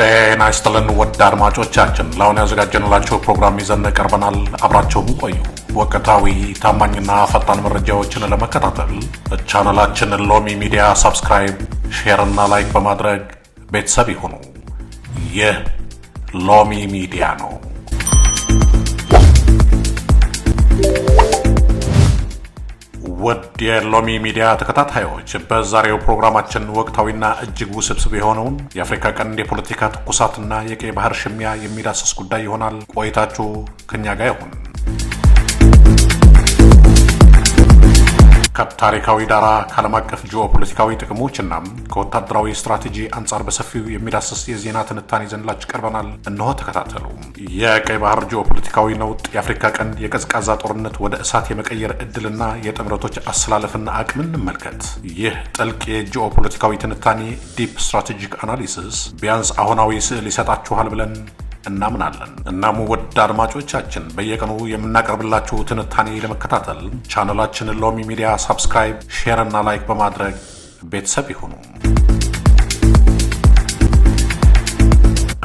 ጤና ይስጥልን ወድ አድማጮቻችን፣ ለአሁን ያዘጋጀንላቸው ፕሮግራም ይዘን ቀርበናል። አብራቸውም ቆዩ። ወቅታዊ ታማኝና ፈጣን መረጃዎችን ለመከታተል ቻናላችን ሎሚ ሚዲያ ሳብስክራይብ፣ ሼር እና ላይክ በማድረግ ቤተሰብ ይሁኑ። ይህ ሎሚ ሚዲያ ነው። ውድ የሎሚ ሚዲያ ተከታታዮች በዛሬው ፕሮግራማችን ወቅታዊና እጅግ ውስብስብ የሆነውን የአፍሪካ ቀንድ የፖለቲካ ትኩሳትና የቀይ ባህር ሽሚያ የሚዳስስ ጉዳይ ይሆናል። ቆይታችሁ ከኛ ጋር ይሁን። ከታሪካዊ ዳራ ከዓለም አቀፍ ጂኦፖለቲካዊ ጥቅሞች እና ከወታደራዊ ስትራቴጂ አንጻር በሰፊው የሚዳስስ የዜና ትንታኔ ዘንላች ቀርበናል። እነሆ ተከታተሉ። የቀይ ባህር ጂኦፖለቲካዊ ነውጥ፣ የአፍሪካ ቀንድ የቀዝቃዛ ጦርነት ወደ እሳት የመቀየር እድልና የጥምረቶች አሰላለፍና አቅም እንመልከት። ይህ ጥልቅ የጂኦፖለቲካዊ ትንታኔ ዲፕ ስትራቴጂክ አናሊሲስ ቢያንስ አሁናዊ ስዕል ይሰጣችኋል ብለን እናምናለን። እናም ውድ አድማጮቻችን በየቀኑ የምናቀርብላችሁ ትንታኔ ለመከታተል ቻናላችንን ሎሚ ሚዲያ ሳብስክራይብ፣ ሼር እና ላይክ በማድረግ ቤተሰብ ይሁኑ።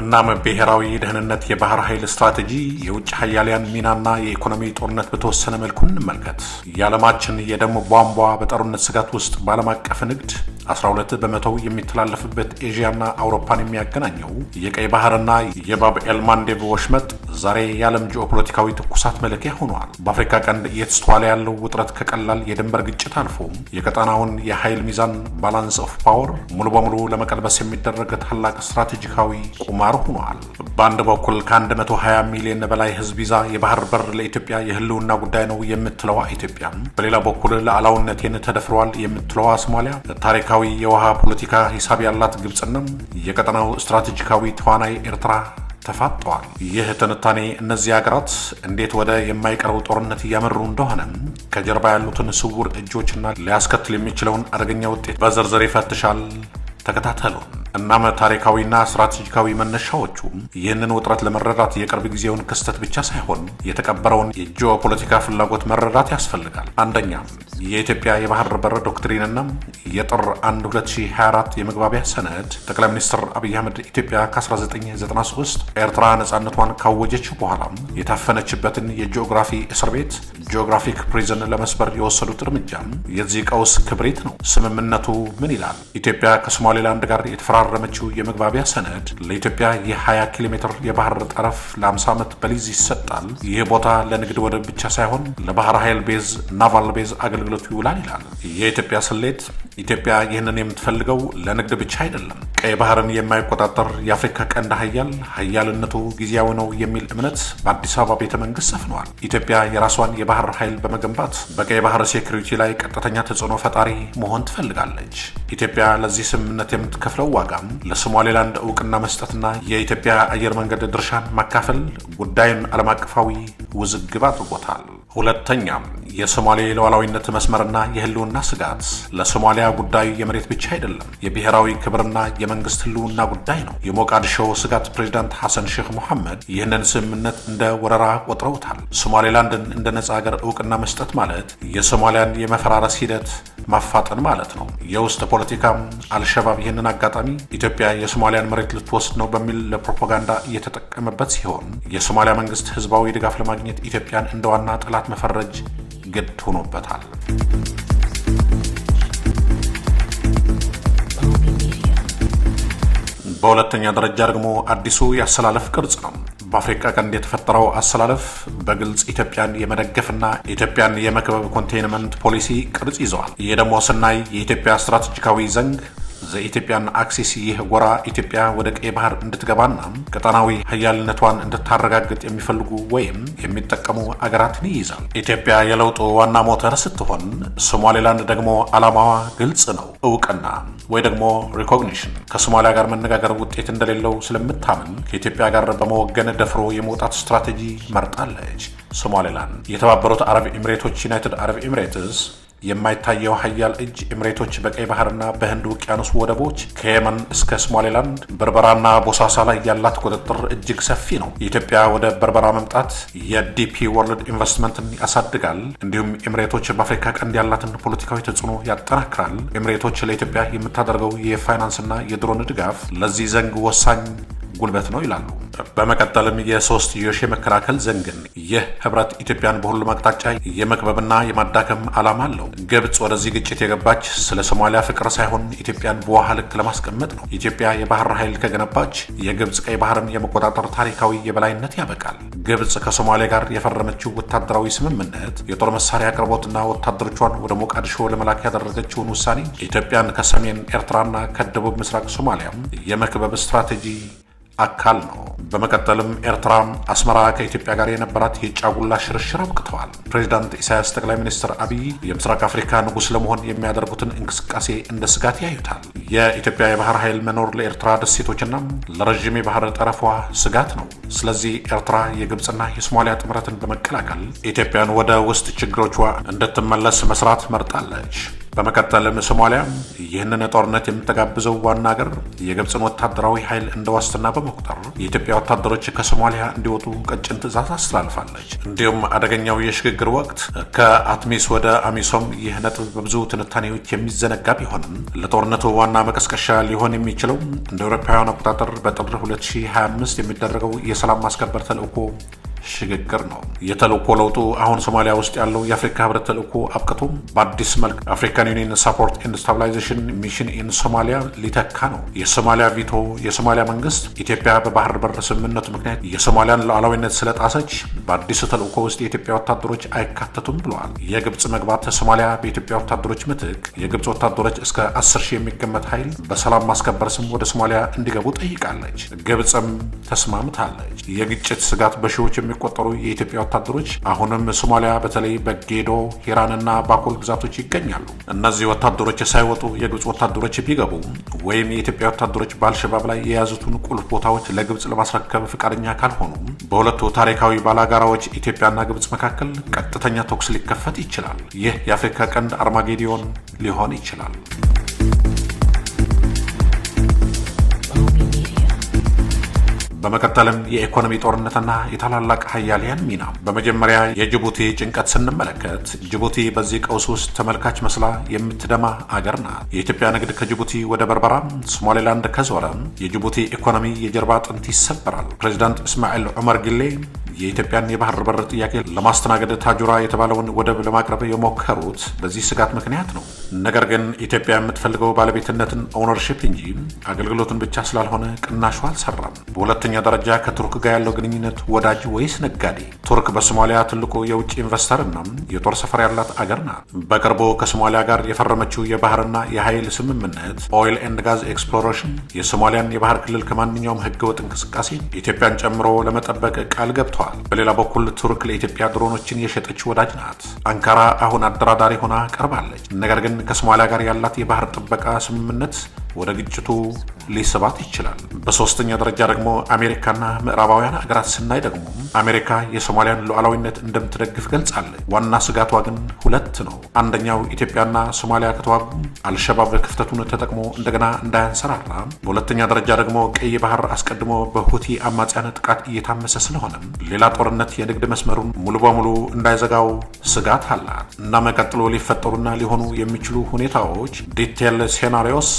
እናም ብሔራዊ ደህንነት፣ የባህር ኃይል ስትራቴጂ፣ የውጭ ሀያሊያን ሚናና የኢኮኖሚ ጦርነት በተወሰነ መልኩ እንመልከት። የዓለማችን የደም ቧንቧ በጦርነት ስጋት ውስጥ በዓለም አቀፍ ንግድ 12 በመቶው የሚተላለፍበት ኤዥያና አውሮፓን የሚያገናኘው የቀይ ባህርና የባብ ኤል ወሽመጥ ዛሬ የዓለም ጂኦፖለቲካዊ ትኩሳት መለኪያ ሆኗል። በአፍሪካ ቀንድ እየተስተዋለ ያለው ውጥረት ከቀላል የድንበር ግጭት አልፎም የቀጠናውን የኃይል ሚዛን ባላንስ ኦፍ ፓወር ሙሉ በሙሉ ለመቀልበስ የሚደረግ ታላቅ ስትራቴጂካዊ ቁማር ሆኗል። በአንድ በኩል ከ120 ሚሊዮን በላይ ህዝብ ይዛ የባህር በር ለኢትዮጵያ የህልውና ጉዳይ ነው የምትለዋ ኢትዮጵያ። በሌላ በኩል ሉዓላዊነቴን ተደፍረዋል የምትለዋ ሶማሊያ፣ ታሪካዊ የውሃ ፖለቲካ ሂሳብ ያላት ግብፅንም የቀጠናው ስትራቴጂካዊ ተዋናይ ኤርትራ ተፋጠዋል። ይህ ትንታኔ እነዚህ ሀገራት እንዴት ወደ የማይቀረው ጦርነት እያመሩ እንደሆነም ከጀርባ ያሉትን ስውር እጆችና ሊያስከትል የሚችለውን አደገኛ ውጤት በዝርዝር ይፈትሻል። ተከታተሉን። እናም ታሪካዊና ስትራቴጂካዊ መነሻዎቹ ይህንን ውጥረት ለመረዳት የቅርብ ጊዜውን ክስተት ብቻ ሳይሆን የተቀበረውን የጂኦፖለቲካ ፍላጎት መረዳት ያስፈልጋል። አንደኛ የኢትዮጵያ የባህር በር ዶክትሪንና የጥር 1 2024 የመግባቢያ ሰነድ ጠቅላይ ሚኒስትር አብይ አህመድ ኢትዮጵያ ከ1993 ኤርትራ ነፃነቷን ካወጀችው በኋላ የታፈነችበትን የጂኦግራፊ እስር ቤት ጂኦግራፊክ ፕሪዝን ለመስበር የወሰዱት እርምጃ የዚህ ቀውስ ክብሪት ነው። ስምምነቱ ምን ይላል? ኢትዮጵያ ከሶማሌላንድ ጋር የተፈራ የተፈራረመችው የመግባቢያ ሰነድ ለኢትዮጵያ የ20 ኪሎ ሜትር የባህር ጠረፍ ለ50 ዓመት በሊዝ ይሰጣል። ይህ ቦታ ለንግድ ወደብ ብቻ ሳይሆን ለባህር ኃይል ቤዝ፣ ናቫል ቤዝ አገልግሎቱ ይውላል ይላል የኢትዮጵያ ስሌት። ኢትዮጵያ ይህንን የምትፈልገው ለንግድ ብቻ አይደለም። ቀይ ባህርን የማይቆጣጠር የአፍሪካ ቀንድ ሀያል ሀያልነቱ ጊዜያዊ ነው የሚል እምነት በአዲስ አበባ ቤተ መንግስት ሰፍነዋል። ኢትዮጵያ የራሷን የባህር ኃይል በመገንባት በቀይ ባህር ሴኩሪቲ ላይ ቀጥተኛ ተጽዕኖ ፈጣሪ መሆን ትፈልጋለች። ኢትዮጵያ ለዚህ ስምምነት የምትከፍለው ዋጋ ዋጋም ለሶማሌላንድ እውቅና መስጠትና የኢትዮጵያ አየር መንገድ ድርሻን ማካፈል ጉዳዩን ዓለም አቀፋዊ ውዝግብ አድርጎታል። ሁለተኛም የሶማሌ ሉዓላዊነት መስመርና የህልውና ስጋት ለሶማሊያ ጉዳዩ የመሬት ብቻ አይደለም፣ የብሔራዊ ክብርና የመንግስት ህልውና ጉዳይ ነው። የሞቃዲሾ ስጋት ፕሬዚዳንት ሐሰን ሼክ ሙሐመድ ይህንን ስምምነት እንደ ወረራ ቆጥረውታል። ሶማሌላንድን እንደ ነጻ ሀገር እውቅና መስጠት ማለት የሶማሊያን የመፈራረስ ሂደት ማፋጠን ማለት ነው። የውስጥ ፖለቲካም አልሸባብ ይህንን አጋጣሚ ኢትዮጵያ የሶማሊያን መሬት ልትወስድ ነው በሚል ለፕሮፓጋንዳ እየተጠቀመበት ሲሆን የሶማሊያ መንግስት ህዝባዊ ድጋፍ ለማግኘት ኢትዮጵያን እንደ ዋና ጠላት መፈረጅ ግድ ሆኖበታል። በሁለተኛ ደረጃ ደግሞ አዲሱ የአሰላለፍ ቅርጽ ነው። በአፍሪካ ቀንድ የተፈጠረው አሰላለፍ በግልጽ ኢትዮጵያን የመደገፍና ኢትዮጵያን የመክበብ ኮንቴይንመንት ፖሊሲ ቅርጽ ይዘዋል። ይህ ደግሞ ስናይ የኢትዮጵያ ስትራቴጂካዊ ዘንግ ዘኢትዮጵያን አክሲስ ይህ ጎራ ኢትዮጵያ ወደ ቀይ ባህር እንድትገባና ቀጠናዊ ሀያልነቷን እንድታረጋግጥ የሚፈልጉ ወይም የሚጠቀሙ አገራትን ይይዛል። ኢትዮጵያ የለውጡ ዋና ሞተር ስትሆን፣ ሶማሌላንድ ደግሞ ዓላማዋ ግልጽ ነው፤ እውቅና ወይ ደግሞ ሪኮግኒሽን። ከሶማሊያ ጋር መነጋገር ውጤት እንደሌለው ስለምታምን ከኢትዮጵያ ጋር በመወገን ደፍሮ የመውጣት ስትራቴጂ መርጣለች። ሶማሌላንድ የተባበሩት አረብ ኤምሬቶች፣ ዩናይትድ አረብ ኤምሬትስ የማይታየው ሀያል እጅ ኤምሬቶች በቀይ ባህርና በህንድ ውቅያኖስ ወደቦች ከየመን እስከ ሶማሌላንድ በርበራና ቦሳሳ ላይ ያላት ቁጥጥር እጅግ ሰፊ ነው። የኢትዮጵያ ወደ በርበራ መምጣት የዲፒ ወርልድ ኢንቨስትመንትን ያሳድጋል፣ እንዲሁም ኤምሬቶች በአፍሪካ ቀንድ ያላትን ፖለቲካዊ ተጽዕኖ ያጠናክራል። ኤምሬቶች ለኢትዮጵያ የምታደርገው የፋይናንስና የድሮን ድጋፍ ለዚህ ዘንግ ወሳኝ ጉልበት ነው ይላሉ። በመቀጠልም የሶስትዮሽ የመከላከል ዘንግን ይህ ህብረት ኢትዮጵያን በሁሉም አቅጣጫ የመክበብና የማዳከም ዓላማ አለው። ግብፅ ወደዚህ ግጭት የገባች ስለ ሶማሊያ ፍቅር ሳይሆን ኢትዮጵያን በውሃ ልክ ለማስቀመጥ ነው። ኢትዮጵያ የባህር ኃይል ከገነባች የግብጽ ቀይ ባህርን የመቆጣጠር ታሪካዊ የበላይነት ያበቃል። ግብጽ ከሶማሊያ ጋር የፈረመችው ወታደራዊ ስምምነት፣ የጦር መሳሪያ አቅርቦትና ወታደሮቿን ወደ ሞቃዲሾ ለመላክ ያደረገችውን ውሳኔ ኢትዮጵያን ከሰሜን ኤርትራና ከደቡብ ምስራቅ ሶማሊያም የመክበብ ስትራቴጂ አካል ነው። በመቀጠልም ኤርትራ አስመራ ከኢትዮጵያ ጋር የነበራት የጫጉላ ሽርሽር አብቅተዋል። ፕሬዚዳንት ኢሳያስ ጠቅላይ ሚኒስትር አብይ የምስራቅ አፍሪካ ንጉሥ ለመሆን የሚያደርጉትን እንቅስቃሴ እንደ ስጋት ያዩታል። የኢትዮጵያ የባህር ኃይል መኖር ለኤርትራ ደሴቶችና ለረዥም የባህር ጠረፏ ስጋት ነው። ስለዚህ ኤርትራ የግብፅና የሶማሊያ ጥምረትን በመቀላቀል ኢትዮጵያን ወደ ውስጥ ችግሮቿ እንድትመለስ መስራት መርጣለች። በመቀጠልም ሶማሊያ ይህንን ጦርነት የምትጋብዘው ዋና ሀገር የግብፅን ወታደራዊ ኃይል እንደ ዋስትና በመቁጠር የኢትዮጵያ ወታደሮች ከሶማሊያ እንዲወጡ ቀጭን ትዕዛዝ አስተላልፋለች። እንዲሁም አደገኛው የሽግግር ወቅት ከአትሚስ ወደ አሚሶም ይህ ነጥብ በብዙ ትንታኔዎች የሚዘነጋ ቢሆንም ለጦርነቱ ዋና መቀስቀሻ ሊሆን የሚችለው እንደ አውሮፓውያን አቆጣጠር በጥር 2025 የሚደረገው የሰላም ማስከበር ተልእኮ ሽግግር ነው። የተልእኮ ለውጡ አሁን ሶማሊያ ውስጥ ያለው የአፍሪካ ህብረት ተልእኮ አብቅቶም በአዲስ መልክ አፍሪካን ዩኒየን ሰፖርት ኤንድ ስታብላይዜሽን ሚሽን ኢን ሶማሊያ ሊተካ ነው። የሶማሊያ ቪቶ የሶማሊያ መንግስት ኢትዮጵያ በባህር በር ስምምነቱ ምክንያት የሶማሊያን ሉዓላዊነት ስለጣሰች በአዲሱ ተልእኮ ውስጥ የኢትዮጵያ ወታደሮች አይካተቱም ብለዋል። የግብፅ መግባት ሶማሊያ በኢትዮጵያ ወታደሮች ምትክ የግብፅ ወታደሮች እስከ 10 ሺህ የሚገመት ኃይል በሰላም ማስከበር ስም ወደ ሶማሊያ እንዲገቡ ጠይቃለች። ግብፅም ተስማምታለች። የግጭት ስጋት በሺዎች የሚቆጠሩ የኢትዮጵያ ወታደሮች አሁንም ሶማሊያ በተለይ በጌዶ ሂራንና ባኮል ግዛቶች ይገኛሉ። እነዚህ ወታደሮች ሳይወጡ የግብፅ ወታደሮች ቢገቡ ወይም የኢትዮጵያ ወታደሮች በአልሸባብ ላይ የያዙትን ቁልፍ ቦታዎች ለግብፅ ለማስረከብ ፈቃደኛ ካልሆኑ በሁለቱ ታሪካዊ ባላጋራዎች ኢትዮጵያና ግብፅ መካከል ቀጥተኛ ተኩስ ሊከፈት ይችላል። ይህ የአፍሪካ ቀንድ አርማጌዲዮን ሊሆን ይችላል። በመቀጠልም የኢኮኖሚ ጦርነትና የታላላቅ ሀያሊያን ሚና። በመጀመሪያ የጅቡቲ ጭንቀት ስንመለከት ጅቡቲ በዚህ ቀውስ ውስጥ ተመልካች መስላ የምትደማ አገር ናት። የኢትዮጵያ ንግድ ከጅቡቲ ወደ በርበራ፣ ሶማሌላንድ ከዞረም የጅቡቲ ኢኮኖሚ የጀርባ አጥንት ይሰበራል። ፕሬዚዳንት እስማኤል ዑመር ጊሌ የኢትዮጵያን የባህር በር ጥያቄ ለማስተናገድ ታጁራ የተባለውን ወደብ ለማቅረብ የሞከሩት በዚህ ስጋት ምክንያት ነው። ነገር ግን ኢትዮጵያ የምትፈልገው ባለቤትነትን ኦነርሽፕ እንጂ አገልግሎትን ብቻ ስላልሆነ ቅናሹ አልሰራም። በሁለተኛ ደረጃ ከቱርክ ጋር ያለው ግንኙነት ወዳጅ ወይስ ነጋዴ? ቱርክ በሶማሊያ ትልቁ የውጭ ኢንቨስተርና የጦር ሰፈር ያላት አገር ናት። በቅርቡ ከሶማሊያ ጋር የፈረመችው የባህርና የኃይል ስምምነት ኦይል ኤንድ ጋዝ ኤክስፕሎሬሽን የሶማሊያን የባህር ክልል ከማንኛውም ህገወጥ እንቅስቃሴ ኢትዮጵያን ጨምሮ ለመጠበቅ ቃል ገብተዋል። በሌላ በኩል ቱርክ ለኢትዮጵያ ድሮኖችን የሸጠች ወዳጅ ናት። አንካራ አሁን አደራዳሪ ሆና ቀርባለች። ነገር ግን ከሶማሊያ ጋር ያላት የባህር ጥበቃ ስምምነት ወደ ግጭቱ ሊስባት ይችላል። በሶስተኛ ደረጃ ደግሞ አሜሪካና ምዕራባውያን ሀገራት ስናይ ደግሞ አሜሪካ የሶማሊያን ሉዓላዊነት እንደምትደግፍ ገልጻለች። ዋና ስጋቷ ግን ሁለት ነው። አንደኛው ኢትዮጵያና ሶማሊያ ከተዋጉ አልሸባብ ክፍተቱን ተጠቅሞ እንደገና እንዳያንሰራራ፣ በሁለተኛ ደረጃ ደግሞ ቀይ ባህር አስቀድሞ በሁቲ አማጽያን ጥቃት እየታመሰ ስለሆነ ሌላ ጦርነት የንግድ መስመሩን ሙሉ በሙሉ እንዳይዘጋው ስጋት አላት እና መቀጥሎ ሊፈጠሩና ሊሆኑ የሚችሉ ሁኔታዎች ዲቴል ሴናሪዮስ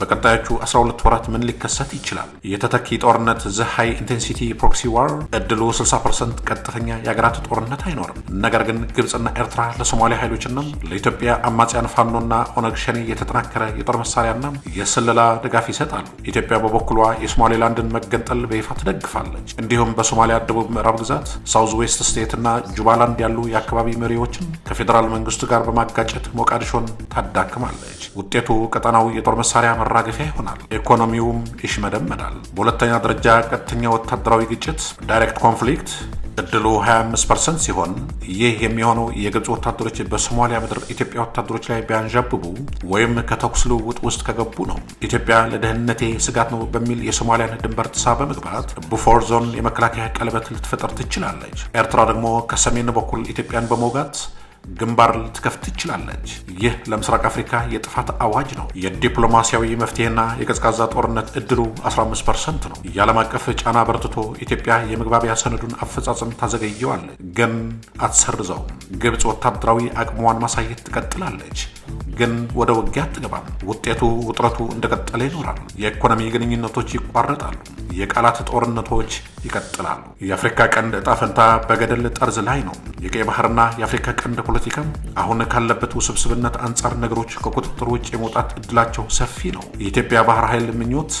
በቀጣዮቹ 12 ወራት ምን ሊከሰት ይችላል? የተተኪ ጦርነት ዘ ሃይ ኢንቴንሲቲ ፕሮክሲ ዋር እድሉ 60 ቀጥተኛ የሀገራት ጦርነት አይኖርም። ነገር ግን ግብፅና ኤርትራ ለሶማሊያ ኃይሎችና ለኢትዮጵያ አማጽያን ፋኖና ኦነግ ሸኔ የተጠናከረ የጦር መሳሪያና የስለላ ድጋፍ ይሰጣሉ። ኢትዮጵያ በበኩሏ የሶማሌላንድን መገንጠል በይፋ ትደግፋለች። እንዲሁም በሶማሊያ ደቡብ ምዕራብ ግዛት ሳውዝ ዌስት ስቴትና ጁባላንድ ያሉ የአካባቢ መሪዎችን ከፌዴራል መንግስቱ ጋር በማጋጨት ሞቃዲሾን ታዳክማለች። ውጤቱ ቀጠናው የጦር መሳሪያ ማራገፊያ ይሆናል። ኢኮኖሚውም ይሽመደመዳል። በሁለተኛ ደረጃ ቀጥተኛ ወታደራዊ ግጭት ዳይሬክት ኮንፍሊክት እድሉ 25 ፐርሰንት ሲሆን ይህ የሚሆነው የግብፅ ወታደሮች በሶማሊያ ምድር ኢትዮጵያ ወታደሮች ላይ ቢያንዣብቡ ወይም ከተኩስ ልውውጥ ውስጥ ከገቡ ነው። ኢትዮጵያ ለደህንነቴ ስጋት ነው በሚል የሶማሊያን ድንበር ጥሳ በመግባት ቡፎር ዞን የመከላከያ ቀለበት ልትፈጥር ትችላለች። ኤርትራ ደግሞ ከሰሜን በኩል ኢትዮጵያን በመውጋት ግንባር ልትከፍት ትችላለች። ይህ ለምስራቅ አፍሪካ የጥፋት አዋጅ ነው። የዲፕሎማሲያዊ መፍትሄና የቀዝቃዛ ጦርነት እድሉ 15 ፐርሰንት ነው። የዓለም አቀፍ ጫና በርትቶ ኢትዮጵያ የመግባቢያ ሰነዱን አፈጻጸም ታዘገየዋለች፣ ግን አትሰርዘውም። ግብፅ ወታደራዊ አቅሟን ማሳየት ትቀጥላለች። ግን ወደ ውጊያ አትገባም። ውጤቱ ውጥረቱ እንደቀጠለ ይኖራል። የኢኮኖሚ ግንኙነቶች ይቋረጣሉ። የቃላት ጦርነቶች ይቀጥላሉ። የአፍሪካ ቀንድ እጣ ፈንታ በገደል ጠርዝ ላይ ነው። የቀይ ባህርና የአፍሪካ ቀንድ ፖለቲካም አሁን ካለበት ውስብስብነት አንጻር ነገሮች ከቁጥጥር ውጭ የመውጣት እድላቸው ሰፊ ነው። የኢትዮጵያ ባህር ኃይል ምኞት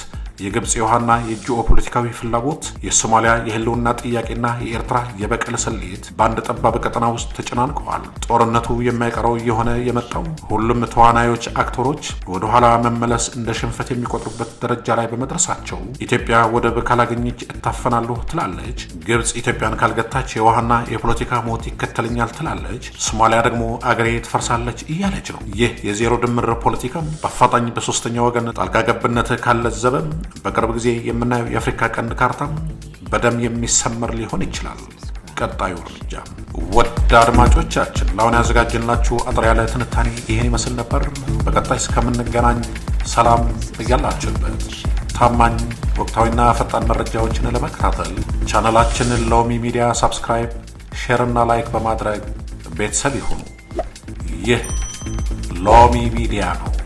የግብፅ የውሃና የጂኦ ፖለቲካዊ ፍላጎት፣ የሶማሊያ የህልውና ጥያቄና የኤርትራ የበቀል ስሌት በአንድ ጠባብ ቀጠና ውስጥ ተጨናንቀዋል። ጦርነቱ የማይቀረው እየሆነ የመጣው ሁሉም ተዋናዮች አክተሮች ወደኋላ መመለስ እንደ ሽንፈት የሚቆጥሩበት ደረጃ ላይ በመድረሳቸው ኢትዮጵያ ወደብ ካላገኘች እታፈናለሁ ትላለች። ግብፅ ኢትዮጵያን ካልገታች የውሃና የፖለቲካ ሞት ይከተለኛል ትላለች። ሶማሊያ ደግሞ አገሬ ትፈርሳለች እያለች ነው። ይህ የዜሮ ድምር ፖለቲካም በአፋጣኝ በሶስተኛ ወገን ጣልቃ ገብነት ካለዘበም በቅርብ ጊዜ የምናየው የአፍሪካ ቀንድ ካርታ በደም የሚሰመር ሊሆን ይችላል ቀጣዩ እርምጃ። ወደ አድማጮቻችን ለአሁን ያዘጋጅንላችሁ አጥር ያለ ትንታኔ ይህን ይመስል ነበር። በቀጣይ እስከምንገናኝ ሰላም እያላችሁበት ታማኝ ወቅታዊና ፈጣን መረጃዎችን ለመከታተል ቻናላችንን ሎሚ ሚዲያ ሳብስክራይብ፣ ሼር እና ላይክ በማድረግ ቤተሰብ ይሁኑ። ይህ ሎሚ ሚዲያ ነው።